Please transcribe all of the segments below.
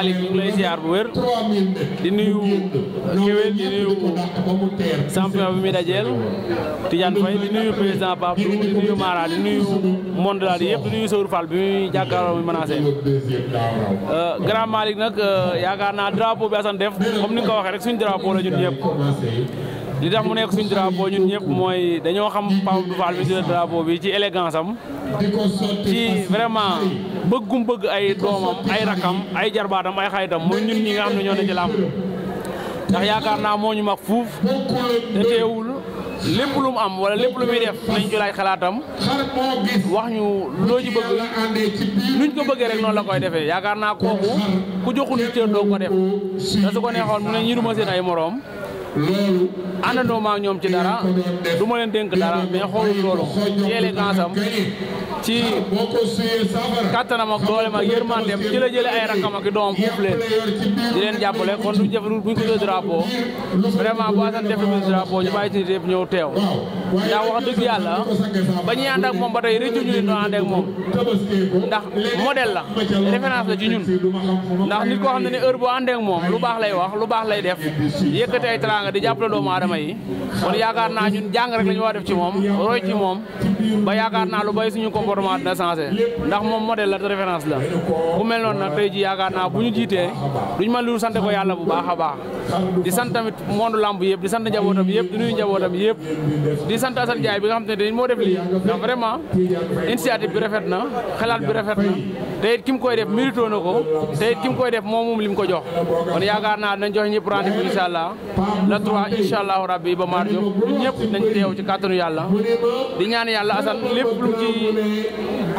Malick ñu ngi bu wér di nuyu géwél di nuyu champion bi muy dajeel Tidiane Faye di nuyu président Babou di nuyu Mara di nuyu monde daal yëpp di nuyu Sour Fall bi muy jàkkaarloo muy menacé euh, grand Malick nag euh, yaakaar naa drapeau bi Assane def comme ni nga ko waxee rek suñu drapeau la ñun ñëpp li tax mu nekk suñ drapeau ñun ñëpp mooy dañoo xam Pape Abdou Fall mi jël drapeau bi ci élégance am ci vraiment bëggum bëgg ay doomam ay rakam ay jarbaatam ay xaritam mooy ñun ñi nga xam ne ñoo ne ci làmb ndax yaakaar naa moo ñu mag fuuf te teewul lépp am wala lépp lu muy def nañ ci laaj xalaatam wax ñu loo ci bëgg nuñ ko bëggee rek noonu la koy defee yaakaar naa kooku ku joxul cër doo ko def te su ko neexoon mu ne ñi duma seen ay moroom loolu àndandoo maa ñoom ci dara du ma leen dénk dara mais xoolul loolu ci élégance am ci kattanam ah, ak dooleem ak yërmandeem ci la jëlee ay rakkam ak doomam foofu leen di leen jàppale kon duñ jëf buñ ko jël drapeau vraiment bu asan def drapeau ñu bàyyi ci nit yëpp ñëw teew ndax wax dëgg yàlla ba ñuy ànd moom ba tey rëccu ñu doon ànd ak moom ndax modèle la référence la ci ñun ndax nit koo xam ne ne heure boo àndee ak moom lu baax lay wax lu baax lay def yëkkati ay teraanga di jàppale doomu aadama yi kon yaakaar naa ñun jàng rek la ñu wax def ci moom roy ci moom ba yaakaar naa lu bay suñu comportement dina changé ndax moom modèle la te référence la ku mel noonu na tey ji yaakaar naa bu ñu jiitee duñ mën lu sant ko yàlla bu baax a baax di sant tamit monde lamb yëpp di sant njabootam yëpp di nuyu njabootam yëpp sant Assane Ndiaye bi nga xam te ne dañ moo def lii ndax vraiment initiative bi rafet na xalaat bi rafet na te it ki mu koy def mérito na ko te it ki mu koy def moom moom li mu ko jox kon yaakaar naa nañ jox ñëpp rendez-vous incha allah la trois incha allahu rabbi ba maar jóg ñun ñëpp nañ teew ci kàttanu yàlla di ñaan yàlla Assane lépp lu mu ci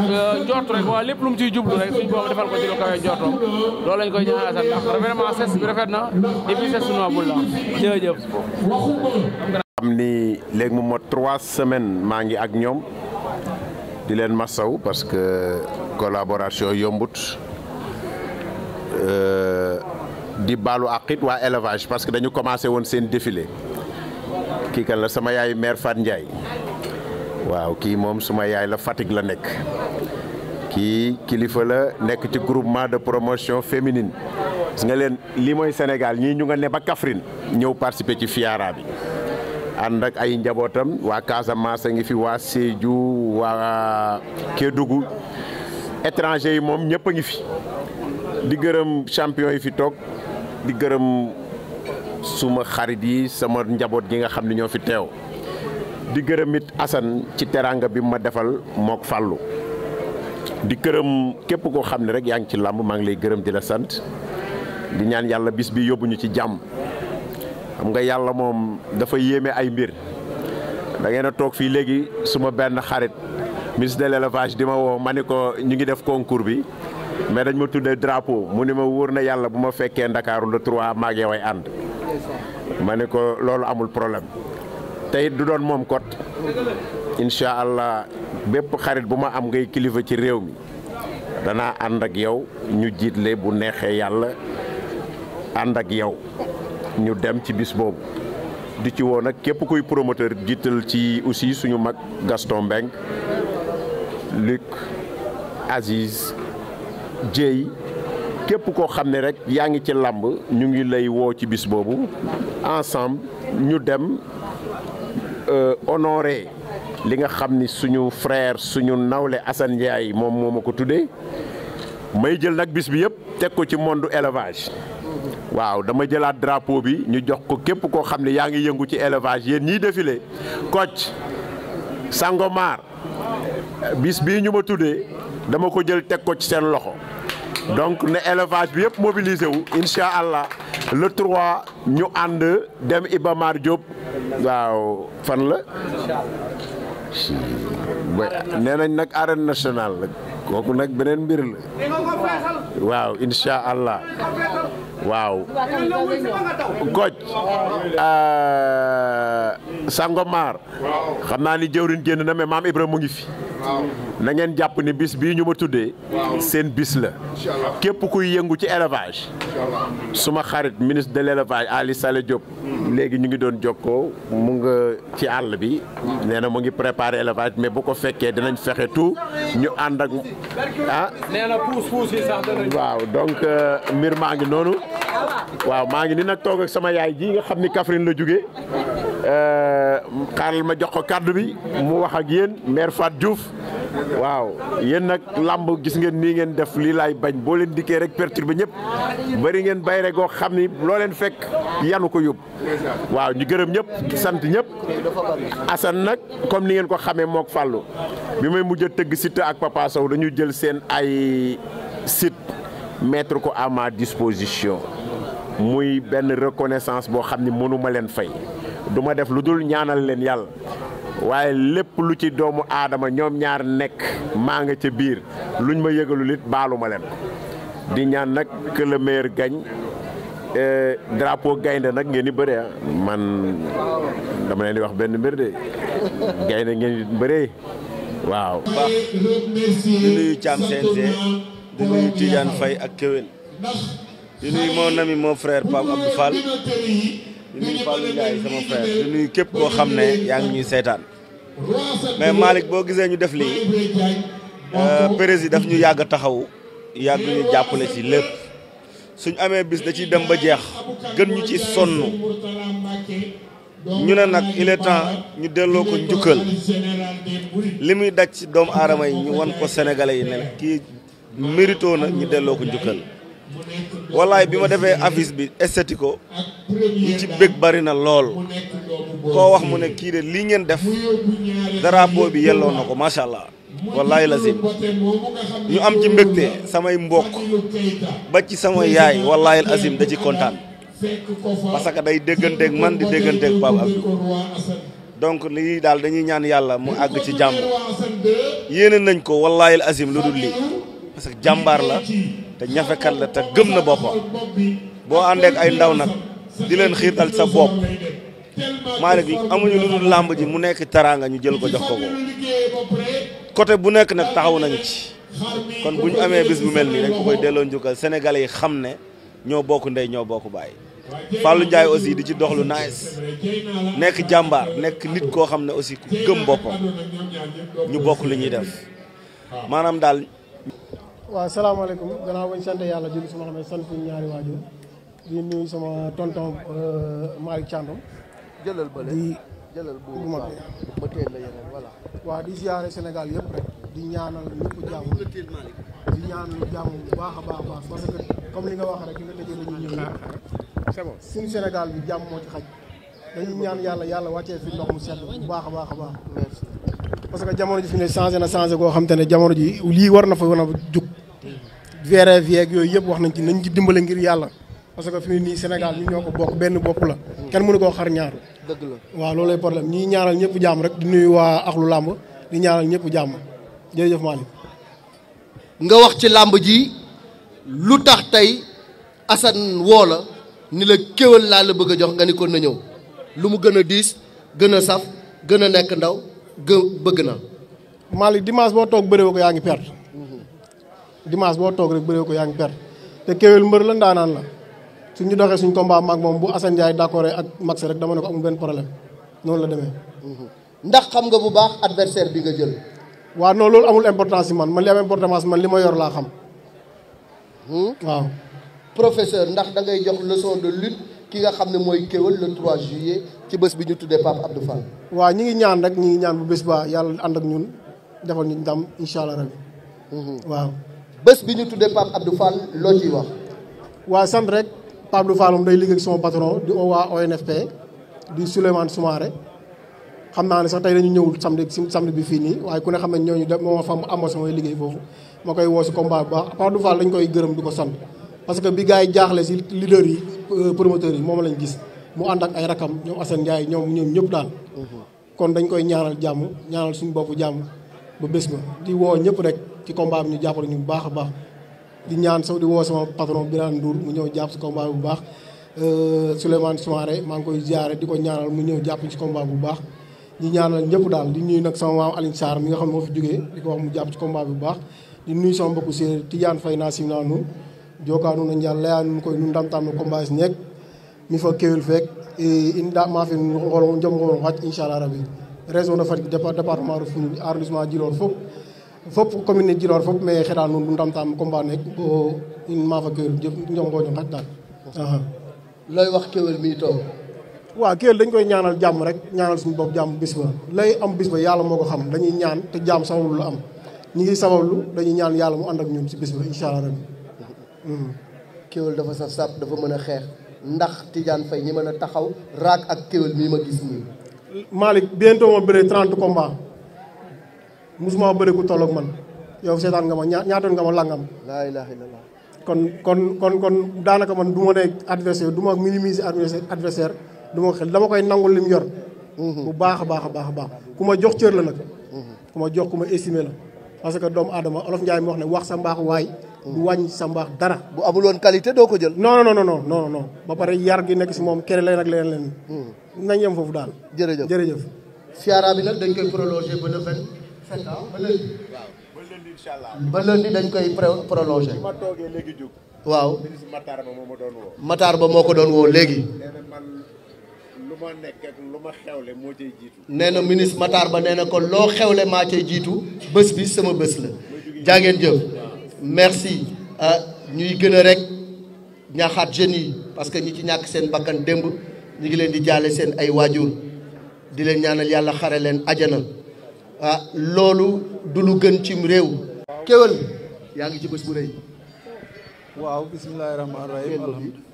njort euh, rek waaw lépp lu mu ciy jublu rek suñ boobu defal ko ci lu kawee loolu lañ koy ñaan Assane ndax vraiment ses bi rafet na et puis ses suñu abul la jërëjëf am ni léegi mu mot trois semaines maa ngi ak ñoom di leen masaw parce que collaboration yombut euh, di baalu àqit waa élevage parce que dañu commencé woon seen défilé kii kan la sama yaay maire Fat Ndiaye waaw kii moom suma yaay la Fatick la nekk kii kilifa la nekk ci groupement de promotion féminine gis nga leen lii mooy Sénégal ñii ñu nga ne ba Kaffrine ñëw participer ci fiara bi ànd ak ay njabootam waa Casamance a ngi fi waa Sédhiou waa Kédougou étranger yi moom ñëpp a ngi fi di gërëm champion yi fi toog di gërëm suma xarit yi sama njaboot gi nga xam ne ñoo fi teew di gërëm it Assane ci teraanga bi ma defal mook fàllu di gërëm képp koo xam ne rek yaa ngi ci làmb maa ngi lay gërëm di la sant di ñaan yàlla bis bi yóbbuñu ci jàmm xam nga yàlla moom dafa yéeme ay mbir da ngeen toog fii léegi suma benn xarit ministre de l'élevage di ma woo ma ni ko ñu ngi def concours bi mais dañ ma tuddee drapeau mu ni ma wóor na yàlla bu ma fekkee ndakaaru le trois maag yow ànd ma ni ko loolu amul problème tey du doon moom kot incha allah bépp xarit bu ma am ngay kilifa ci réew mi danaa ànd ak yow ñu jiitle bu neexee yàlla ànd ak yow ñu dem ci bis boobu di ci woo nag képp kuy promoteur jiital ci aussi suñu mag Gaston Mbengue Luc Aziz Dieye képp koo xam ne rek yaa ngi ci làmb ñu ngi lay woo ci bis boobu ensemble ñu dem euh, honoré li nga xam ni suñu frère suñu nawle Assane Ndiaye moom moo ma ko tuddee may jël nag bis bi yëpp teg ko ci monde élevage waaw dama jëlaat drapeau bi ñu jox ko képp koo xam ne yaa ngi yëngu ci élevage yéen ñiy défilé Kocc Sangomar bis bii ñu ma tuddee dama ko jël teg ko ci seen loxo donc ne élevage bi yëpp mobilisé wu incha allah le 3 ñu ànd dem Iba Mar Diop waaw fan la nee nañ nag arène nationale la kooku nag beneen mbir la waaw incha allah waaw koc euh, Sangomar xam naa ni jëwrin génn na mais maam Ibrahima mu ngi fi na ngeen jàpp ne biis bii ñu ma tuddee seen bis la képp kuy yëngu ci élevage suma xarit ministre de l'élevage Ali Sale Diop hmm. léegi ñu ngi doon jokkoo mu nga ci àll bi hmm. nee na mu ngi préparé élevage mais bu ko fekkee dinañ fexe tout ñu ànd ak ah nee na puus waaw donc euh, mbir maa ngi noonu waaw maa ngi ni nag toog ak sama yaay ji nga xam ni Kaffrine la jóge xaaral euh, ma jox ko kàddu bi mu wax ak yéen maire Fatou Diouf waaw yéen nag làmb gis ngeen nii ngeen def lii laay bañ boo leen dikkee rek perturber ñëpp bëri ngeen bay rek goo xam ni loo leen fekk yanu ko yóbbu waaw ñu gërëm ñëpp sant ñëpp Assane nag comme ni ngeen ko xamee mook Fallou bi may mujj a tëgg Siteu ak Papa Sow dañu jël seen ay sit mettre ko à ma disposition muy benn reconnaissance boo xam ni mënuma leen fay du ma def lu dul ñaanal leen yàlla waaye lépp lu ci doomu aadama ñoom ñaar nekk maa nga ca biir luñ ma yëgalul it baalu ma leen di ñaan nag que le eh, drapo gaynde nag ngeen di bëree ah man dama leen di wax benn mbir de gaynde ngeen di bëree waaw. di nuyu Thiam CNG di nuyu Tidiane Faye ak Kéwén di nuyu mon ami mon frère Pape Abdou Fall. di nuyu Fallou Ndiaye sama frère di nuyu képp koo xam ne yaa ngi ñuy seetaan mais Malick boo gisee ñu def lii euh, prési daf ñu yàgg taxaw yàgg ñu jàppale ci lépp suñ amee bis da ciy dem ba jeex gën ñu ci sonn ñu ne nag il est temps ñu delloo ko njukkal li muy daj ci doomu aadama yi ñu wan ko sénégalais yi ne kii mérito na ñu delloo ko njukkal wallaay bi ma defee affiche bi esthético ñi ci bëgg bari na lool koo wax mu ne kii de lii ngeen def drapeau bi yelloo na ko macha allah wallaay lazim ñu am ci mbégte samay mbokk ba ci sama yaay wallaay azim da ci kontaan parce que day dégganteeg man di dégganteeg Pape Abdou donc lii daal dañuy ñaan yàlla mu àgg ci jàmm yéene nañ ko wallaay azim lu dul lii que jàmbaar la te ñafekat la te gëm na boppa boo àndeek ay ndaw nag di leen xiirtal sa bopp Malick amuñu lu dul làmb ji mu nekk teraanga ñu jël ko jox ko ko côté bu nekk nag taxaw nañ ci kon bu ñu amee bis bu mel nii dañ ko koy delloo njukkal sénégalais yi xam ne ñoo bokk ndey ñoo bokk bàyyi Fallou njaay aussi di ci dox lu nice nekk jàmbaar nekk nit koo xam ne aussi ku gëm boppam ñu bokk li ñuy def maanaam daal waaw salaamaaleykum gannaaw bañ sant yàlla julli sama xam sant ñaari waajur di nuyu sama tonton euh, Malick Thiandoum jëlal bële di jëlal bu mag bi ma teel la yeneen voilà waaw di siyaare Sénégal yëpp rek di ñaanal jàmm di ñaanal jàmm a a comme li nga wax rek li nga tëjee ñu bi jàmm moo ci xaj dañuy ñaan yàlla yàlla wàccee fi ndox mu sedd bu baax a baax baax parce que jamono ji fi ne changé na changé koo xam ne jamono ji lii war na fa war na jug VRF yeeg yooyu yëpp wax nañ ci nañ ci dimbale ngir yàlla parce que fi mu nii Sénégal ñu ñoo ko bokk benn bopp la kenn mënu koo xar ñaar dëgg la waaw loolay problème ñi ñaaral ñëpp jàmm rek di nuyu waa axlu làmb di ñaanal ñëpp jàmm jërëjëf Malick nga wax ci làmb ji lu tax tey Assane woo la ni la kéwal laa la bëgg a jox nga ni ko na ñëw lu mu gën a diis gën a saf gën a nekk ndaw gë bëgg na Malick dimanche boo toog bëréwo ko yaa ngi perte dimanche boo toog rek bëree ko yaa ngi perte te Kewel mbër la ndaanaan la suñ suñu doxee suñ ko combat maag moom bu Assane Ndiaye d'accord ak Max rek dama ne ko amul benn problème noonu la demee. Mhm. ndax xam nga bu baax adversaire bi nga jël. waaw non loolu amul important si man man li am importance man li ma yor laa xam. Hmm? waaw. professeur ndax da ngay jox leçon de lutte ki nga xam ne mooy kéwél le 3 juillet ci bés bi ñu tuddee Pape Abdou Fall. waa ñi ngi ñaan rek ñi ngi ñaan bu bés ba yàlla ànd ak ñun defal ñu ndam incha allah bés bi ñu tuddee Pape Abdou Fall loo wax. waa sant rek Pape Abdou Fall moom day liggéey ak sama patron di waa ONFP di Souleymane Soumaré xam naa ne sax tey dañu ñëwul samedi samedi bi fii nii waaye ku ne xam ne ñooñu de moo fa amoo samay liggéey foofu ma koy woo si combat bu baax Pape dañ koy gërëm du ko sant. parce que bi gars yi jaaxle si leader yi euh, promoteurs yi moom lañ gis mu ànd ak ay rakam ñoom Assane Ndiaye ñoom ñoom ñëpp daal. Mhm. kon dañ koy ñaanal jàmm ñaanal suñu bopp jàmm ba bés ma di woo ñëpp rek. ci combat bi ñu jàpp ñu bu baax a baax di ñaan sax di woo sama patron Birane Ndour mu ñëw jàpp si bu baax euh, Souleymane Soumaré maa ngi koy jaare di ko ñaanal mu ñëw jàpp ci combat bu baax ñi ñaanal ñëpp daal di nuyu nag sama maam Alioune Sarr mi nga xam ne moo fi jógee di ko wax mu jàpp ci combat bu baax di nuyu sama mbokku séeréer Tidiane Faye naa sim naa nu jookaanu na njàll layaa nun koy nun ndamtaan no combat si nekk mi fa kéwél feek in da maa fi ngolo jom ngolo xaj incha allah rabi région de Fatick département fof commune Djilor fof mais xeɗa nuun nu ndam taam combane bo in maafa kewel jongoño xaƴ daal wax kewel mi toog waa kewel dañ koy ñaanal jàmm rek ñaanal suñu bopp jàmm bis ba lay am bis yàlla moo ko xam dañuy ñaan te jàmm sabablu lu am ñi ngi lu dañuy ñaan yàlla mu ànd ak ñun si bis ba incha allah rabbi hmm. dafa saf dafa mën a xeex ndax Tidiane Faye ñi mën a taxaw raak ak kewel mii ma gis nii Malick bientôt ma bëre 30 combats musuma bëri ku tolloog man yow seetaan nga ma ñaa ñaatoon nga ma langam. laa ilaaha illallaah kon kon kon kon daanaka man du ma ne adversaire du ma minimiser adversaire du ma xel dama koy nangul li mu yor. Mhm. bu baax a baax a baax a baax ku ma jox cër la nag. Mhm. ku ma jox ku ma estimer la. parce que doomu aadama olof Njaay mi wax ne wax sa mbaax waay. du mhm. wàññi sa mbaax dara. bu amuloon qualité doo ko jël. non non non non non non ba pare yar gi nekk si moom kere leen ak leneen leen. nañ yem foofu daal. jërëjëf jërëjëf. siyaara bi nag dañ koy sept ans dañ koy prolongé. ma jóg. waaw ministre Matar ba moo ma ba moo ko doon woo léegi. nee na man lu ma nekk ak lu ma moo cay nee na ministre Matar ba nee na loo xewle maa ci jiitu bës bi sama bës la. jaa ngeen jëf. merci ah, ñuy gën rek ñaaxaat jeunes yi parce que ñi ci ñàkk seen bakkan démb ñu ngi leen di jaale seen ay waajur di leen ñaanal yàlla xare leen ajana ah loolu du lu gën cim réew. kéwél yaa ngi ci bës bu rëy. waaw bisimilah rahmaani rahiim alhamdulilah.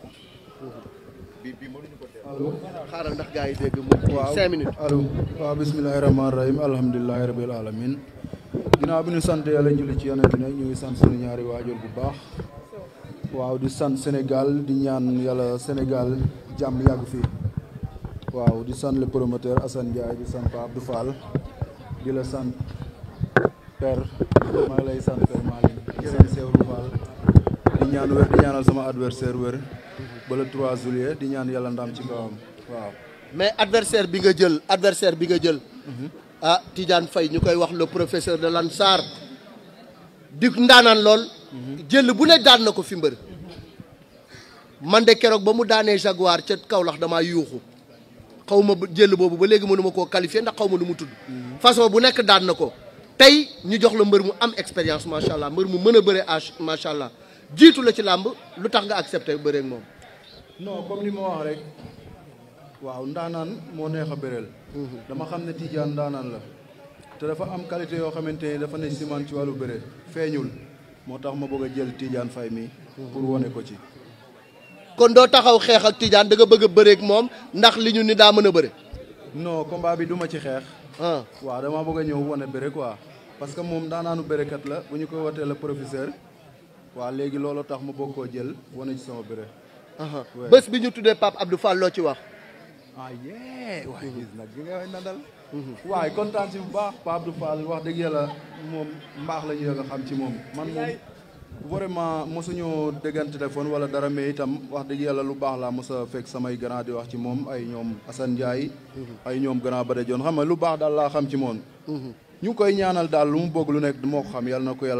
xaaral ndax gaa yi dégg mu. waaw cinq minutes. alamin ginnaaw bi ñu sant yàlla julli ci yonent bi nag ñu ngi sant ñaari waajur bu baax. waaw di sant Sénégal di ñaan yàlla Sénégal jàmm yàgg fii. waaw di sant le promoteur Assane Ndiaye di sant Pape Abdou Fall. di la sant père maa ngi lay sant père Malick di sant Seydou di ñaan wér di ñaanal sama adversaire wér ba le 3 di ñaan yàlla ndam ci kawam waaw. mais adversaire bi nga jël adversaire bi nga jël. Mhm. ah Tidiane Faye ñu koy wax le professeur de Lansar di ndaanaan lool. Mhm. jël bu ne daan na ko fi mbër man de keroog ba mu daanee Jaguar ca Kaolack damaa yuuxu. xaw ma jël boobu ba léegi mënuma koo qualifier ndax xaw ma nu mu tudd. façon bu nekk daan na ko. tey ñu jox la mbër mu am expérience macha allah mbër mu mën a bëre âge macha allah jiitu la ci làmb lu tax nga accepté bëree moom. no comme li ma wax rek waaw ndaanaan moo neex a bëreel. Mhm. dama xam ne tiijaan ndaanaan la. te dafa am qualité yoo xamante ne dafa ne siman ci wàllu bëre feeñul moo tax ma bëgg a jël Tidiane Faye mi mhm. pour wane ko ci. kon doo taxaw xeex ak Tidiane da bëgg a bëreeg moom ndax li ñu ni daa mën a bëre. non combat bi duma ci xeex. ah waaw damaa bëgg a ñëw wane bëre quoi. parce que moom daanaanu bërekat la bu ñu koy wootee la professeur waaw léegi looloo tax ma bëgg koo jël wane ci sama bëre. bés bi ñu tuddee Pape Abdou Fall loo ci wax. ah yee waaye mm-hmm. gis mm-hmm. waaye kontaan si bu baax Pape Abdou Fall wax dëgg yàlla moom mbaax la ñu nga xam ci moom man moom. vraiment mosuñoo déggante téléphone wala dara mais itam wax dëgg yàlla lu baax laa mos a fekk samay grand di wax ci moom ay ñoom Assane Ndiaye. Mhm. ay ñoom grand Bada Dione xam nga lu baax daal laa xam ci moom. Mhm. ñu ngi koy ñaanal daal lu mu bëgg lu nekk du xam yàlla na ko yàlla.